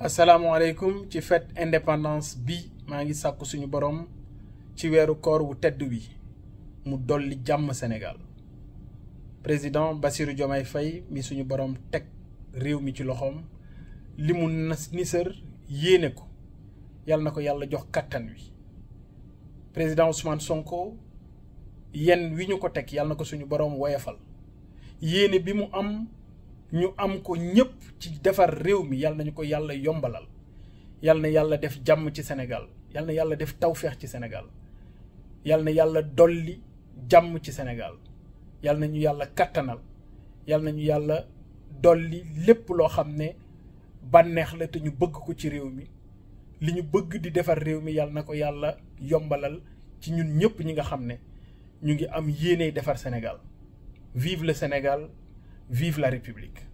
Assalamu alaikum. ci fête indépendance bi ma ngi sàkku suñu borom ci wéru koor wu tedd wi mu dolli jamm Sénégal président Bassirou Diomaye Faye mi suñu borom tek réew mi ci loxom limu mu ko na ko jox wi président Ousmane Sonko yen wi ñu ko teg yàlla na suñu borom bi mu am. ñu am ko ñëpp ci defar réew mi yal nañu ko yàlla yombalal yal na yàlla def jàmm ci senegal yal na yàlla def tawféex ci senegal yal na yàlla dolli jàmm ci senegal yal na ñu yàlla kàttanal yal na ñu yàlla dolli lépp loo xam ne bànneex la te ñu bëgg ko ci réew mi li ñu bëgg di defar réew mi yal na ko yàlla yombalal ci ñun ñëpp ñi nga xam ne ñu ngi am yéene defar Sénégal vive le Sénégal. Vive la République.